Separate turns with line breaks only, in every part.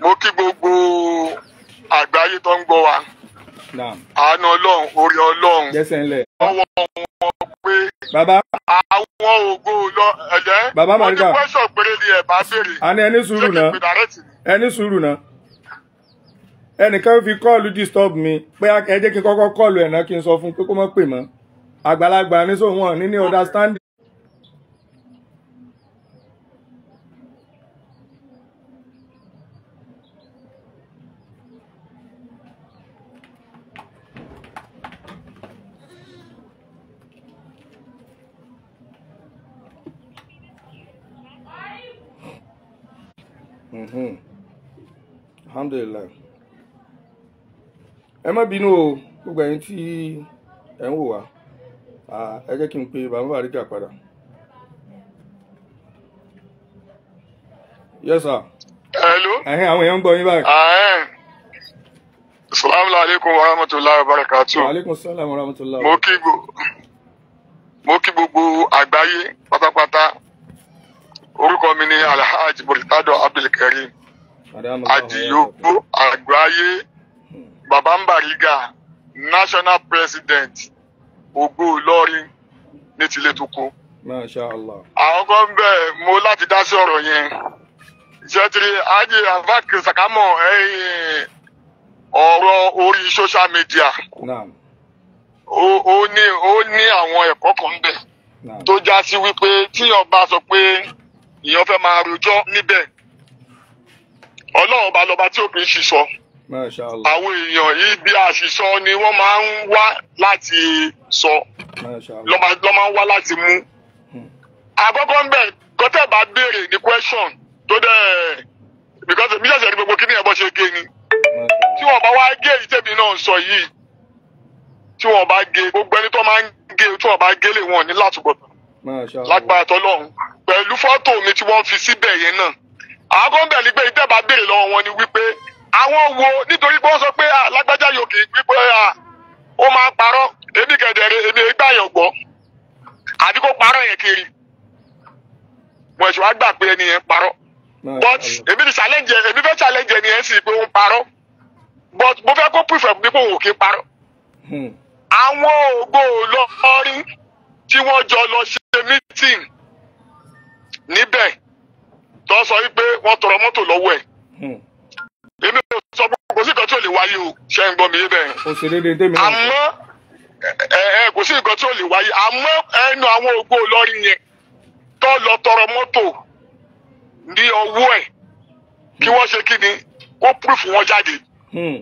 mo kí gbogbo àgbáyé tó ń gbọ wa àánú ọlọ́run orí ọlọ́run ọwọ́ wọn pé àwọn ògo lọ ẹ̀jẹ̀ mo ní pẹ́sọ̀ péré ni ẹ̀ béèrè àní ẹni sùúrù náà ẹni sùúrù náà ẹnìkan fi kọ́ọ̀lù disturb mi pé ẹ jẹ́ kí n kọ́kọ́ ẹ̀ náà kí n sọ fún Mm-hmm. Alhamdulillah. Ẹ má bínú o, gbogbo ẹ̀yin tí ẹ̀ ń wò wá. Ẹ jẹ́ kí n pe bàbá Bàríkà padà. Yes sir. Hello. Ẹ̀hìn àwọn èèyàn ń gbọ́ yín báyìí. Salaamu alaikum wa rahmatulahi wa barakatu. Wa alaikum salaam wa rahmatulahi. Mo kí gbogbo àgbáyé pátápátá orúkọ mi ni alhaji murtado abdulkareem adiyobo àgbáyé babambariga national president ògbó ìlọrin ní tilé tó kó. àwọn kan bẹ́ẹ̀ mo láti dá sí ọ̀rọ̀ yẹn ṣẹ́tìrì ajé avakir sakamọ́ ọ̀rọ̀ orí social media ó ní àwọn ẹ̀kọ́ kan bẹ̀ tó já sí wípé tíyàn bá sọ pé ìyẹn fẹ́ máa rojọ́ níbẹ̀ ọlọ́run ọba lọba tí ó kì í ṣiṣọ àwọn èèyàn yìí bí àṣìṣọ ni wọ́n máa ń wá láti sọ lọ́ máa ń wá láti mú hmm. àkọ́kọ́ ń bẹ̀ kọ́tẹ́ bá béèrè ní question tó dẹ̀ because èmi ṣẹ̀ṣẹ̀ ní gbogbo kí ni ẹ̀bọ ṣe gé ni tí wọ́n bá wá gé èyí tèmi náà sọ yìí tí wọ́n bá gé gbogbo ẹni tó máa ń gé tí wọ́n bá gé lè wọ́n ní látùgbọ̀tàn lágbára tọ́lọ́run pẹ̀lú fọ́tò mi tí wọ́n fi síbẹ̀ yẹn náà àwọn kan bẹ̀ nígbà ìtẹ́bà béèrè lọ́wọ́ wọn ni wípé àwọn wo nítorí pé wọ́n sọ pé alágbájá yòókì wípé ó máa ń parọ́ èmi kẹ̀dẹ̀rẹ̀ èmi ìgbà yàn gbọ́ àbí kó parọ́ yẹn kiri wọ́n ṣe wá gbà pé ẹni yẹn parọ́ but èmi ti challenge èmi fẹ́ challenge ẹni yẹn sì pé ó ń parọ́ but mo fẹ́ kó pùfẹ́ bí kò wò kí n parọ́ hmm. àwọn ògbó lọ́ọ́rí tí wọ́n jọ lọ ṣe meeting. mọ́tò lọ́wọ́ ẹ̀ hmm. èmi ò sọ pé kò sí nǹkan tí ò lè wáyé o ṣe ń gbọ́ mi yé bẹ́ẹ̀. o ṣe déédéé tèmi náà. àmọ́ ẹ ẹ kò sí nǹkan tí ò lè wáyé àmọ́ ẹnu àwọn ògbó olórin yẹn tó lọ tọrọ mọ́tò ní ọwọ́ ẹ̀ kí hmm. wọ́n ṣe kí ni kó púrúfù wọn jáde. Hmm.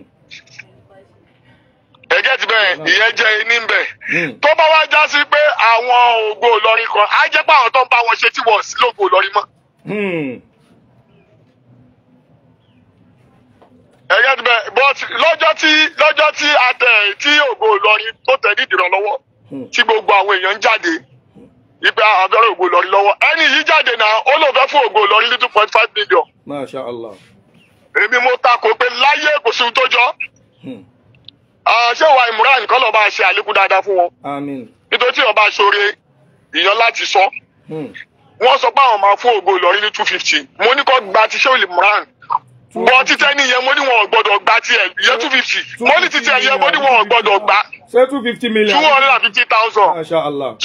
ẹ̀jẹ̀ ti bẹ́ẹ̀ ìyẹn jẹ́ iní bẹ̀. tó bá wá já sí pé àwọn ògbó olórin kan á jẹ́ pé àwọn tó ń bá wọn ṣe tí wọ́n sí lóògbó olórin mọ́. ẹ̀yẹ́ ti bẹ̀ but lọ́jọ́ tí lọ́jọ́ tí a tẹ̀ tí ògo tó tẹ̀ nídìí ràn lọ́wọ́ hmm. tí gbogbo àwọn èèyàn ń jáde ibi hmm. abẹ́rẹ́ ògo Ìlọrin lọ́wọ́ ẹni yìí jáde náà ó lò fẹ́ fún ògo Ìlọrin ní two point five million. Masha Allah. èmi mo takò pé láyé kò sí tó jọ hmm. ṣé wa Imran kọ́ lọ́ọ́ bá ṣe àlékún dáadáa fún wọn nítorí tí ọba ṣoore ìyàn láti sọ wọ́n sọ pé àwọn máa fún ògo Ìlọrin ní two fifty mo ní kọ́ gba ti ṣé Imran bọ́ títẹ́ nìyẹn mo ní wọn ò gbọ́dọ̀ gba tiẹ̀ yẹ two fifty mo ní títẹ́ yẹ mo ní wọn ò gbọ́dọ̀ gba ṣé two fifty million two hundred and fifty thousand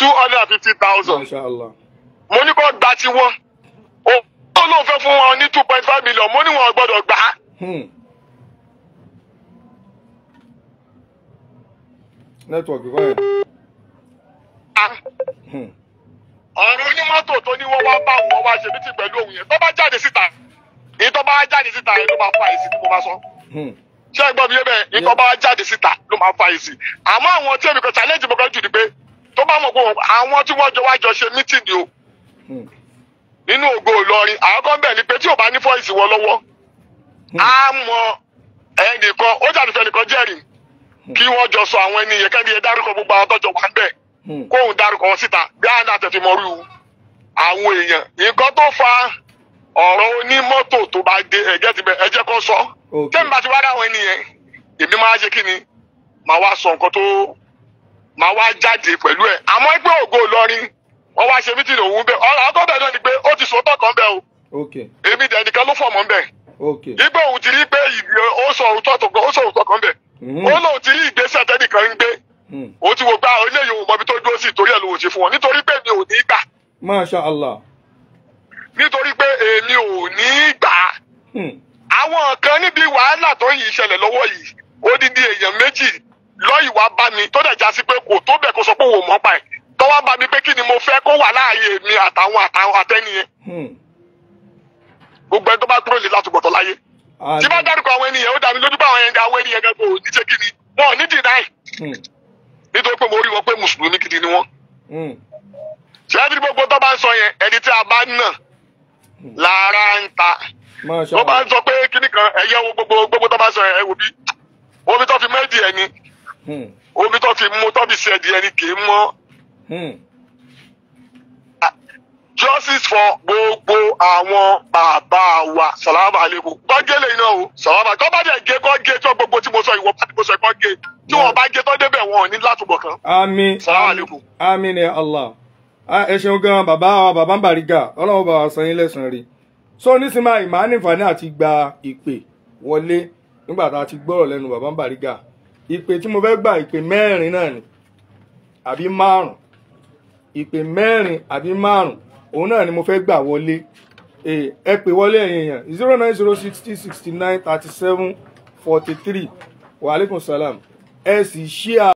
two hundred and fifty thousand mo ní kó gba tiwọn ó lóun fẹ́ fún wọn ní two point five million mo ní wọn ò gbọ́dọ̀ gbà á. Hmm. network kọ́ ẹ̀. Ah. Hmm. ọ̀rọ̀ onímọ́tò tó ní wọ́n wá bá òun wá ṣe mítì pẹ̀lú òun yẹn tó bá jáde síta ìtọ́ bá jáde síta ló máa fa èsì tí mo máa sọ. Hmm. ṣé ẹ gbọ́ mi yé bẹ́ẹ̀ ìtọ́ bá jáde síta ló máa fa èsì àmọ́ àwọn tí èmi challenge mo kàn jù ni pé tó bá mọ̀ pé àwọn tí wọ́n jọ wá jọ ṣe meeting ni o hmm. nínú ògo Ìlọrin àwọn kan bẹ̀ ni pé tí ò bá ní fọ́ìsì wọ lọ́wọ́ á hmm. mọ ẹnìkan ó jáde fẹ́ nìkan jẹ́rìí kí wọ́n jọ sọ àwọn ẹni yẹn kẹ́ni yẹn dárúkọ gbogbo àwọn tọ́jọ wá ń bẹ̀ kóun síta bí àná àtẹ̀fimọ́rú àwọn èèyàn nǹkan tó fa ọ̀rọ̀ onímọ́tò tó bá dé ẹ̀jẹ̀ ti bẹ̀ ẹ̀jẹ̀ kọ́ sọ tẹ́mi bá ti wá dáhùn ẹnìyẹn èmi máa ṣe kí ni màá wá sọ nǹkan tó màá wá jáde pẹ̀lú ẹ̀ àmọ́ ògo wọ́n wá ṣe òun ọ̀rọ̀ àgọ́ náà ni pé ó ti kan bẹ́ẹ̀ o èmi dẹ̀ nìkan ló mọ́ bẹ́ẹ̀ ìgbẹ́ òun ti rí pé ó sọ kan bẹ́ẹ̀ hmm. ó o ti gba eléyìí òun mọbi tó dúró sí torí lòun èmi ò ní í gbà á. Hmm. àwọn kan níbi wàhálà tó yìí ṣẹlẹ̀ lọ́wọ́ yìí odidi èèyàn méjì lọ́yìí wá bá mi tó dẹ̀ já sí pé kò tó bẹ̀ kó sọ pé òun mọ́ pa ẹ̀ tó bá mi pé kí ni mo fẹ́ kó wà láàyè mi àtàwọn àtàwọn hmm. gbogbo ẹni tó bá dúró lè láti gbọ̀tọ̀ láyé. tí bá ah, dárúkọ àwọn ènìyàn ó dà mí lójú bá àwọn ẹni àwọn ènìyàn gẹ́gẹ́ kò ṣe kí wọn ò ní dìdá ẹ̀. Hmm. nítorí pé mo rí wọn pé mùsùlùmí gidi ni wọn. ṣé ẹ ti gbogbo tó bá ń sọ yẹn ẹni tí a bá ń nà lára ń ta tó bá ń sọ pé kíní kan ẹ̀yẹ wo gbogbo gbogbo tó bá sọ ẹ̀ wò bí omi tó fi mẹ́ẹ̀dì ẹ̀ ni hmm. omi tó fi mú tó fi ṣẹ̀dì ẹ̀ ni kì í mọ́ hmm. justice for gbogbo àwọn bàbá wa salama aleikum kọ́gé lè iná o salama kọ́ bá dẹ̀ gé kọ́gé tí wọ́n gbogbo tí mo sọ ìwọ pàtí mo sọ ìkọ́gé tí wọ́n bá gé tó débẹ̀ wọn ò ní látúbọ̀ kan. àmín àmín àmín allah ẹ ṣeun gan bàbá wa bàbá ń bàrígà ọlọ́run bàbá san yín lẹ́sàn-án rí so nísìnyí ìmáà nífààní àti gba ìpè wọlé nígbà tá a ti gbọ́rọ̀ lẹ́nu bàbá ń bàrígà ìpè tí mo fẹ́ gba ìpè mẹ́rin náà ni àbí márùn ìpè mẹ́rin àbí márùn òun náà ni mo fẹ́ gbà wọlé ẹ pè wọlé ẹ̀yin èèyàn zero nine zero sixty sixty nine thirty seven forty three wa aleykum salam ẹ sì ṣí à.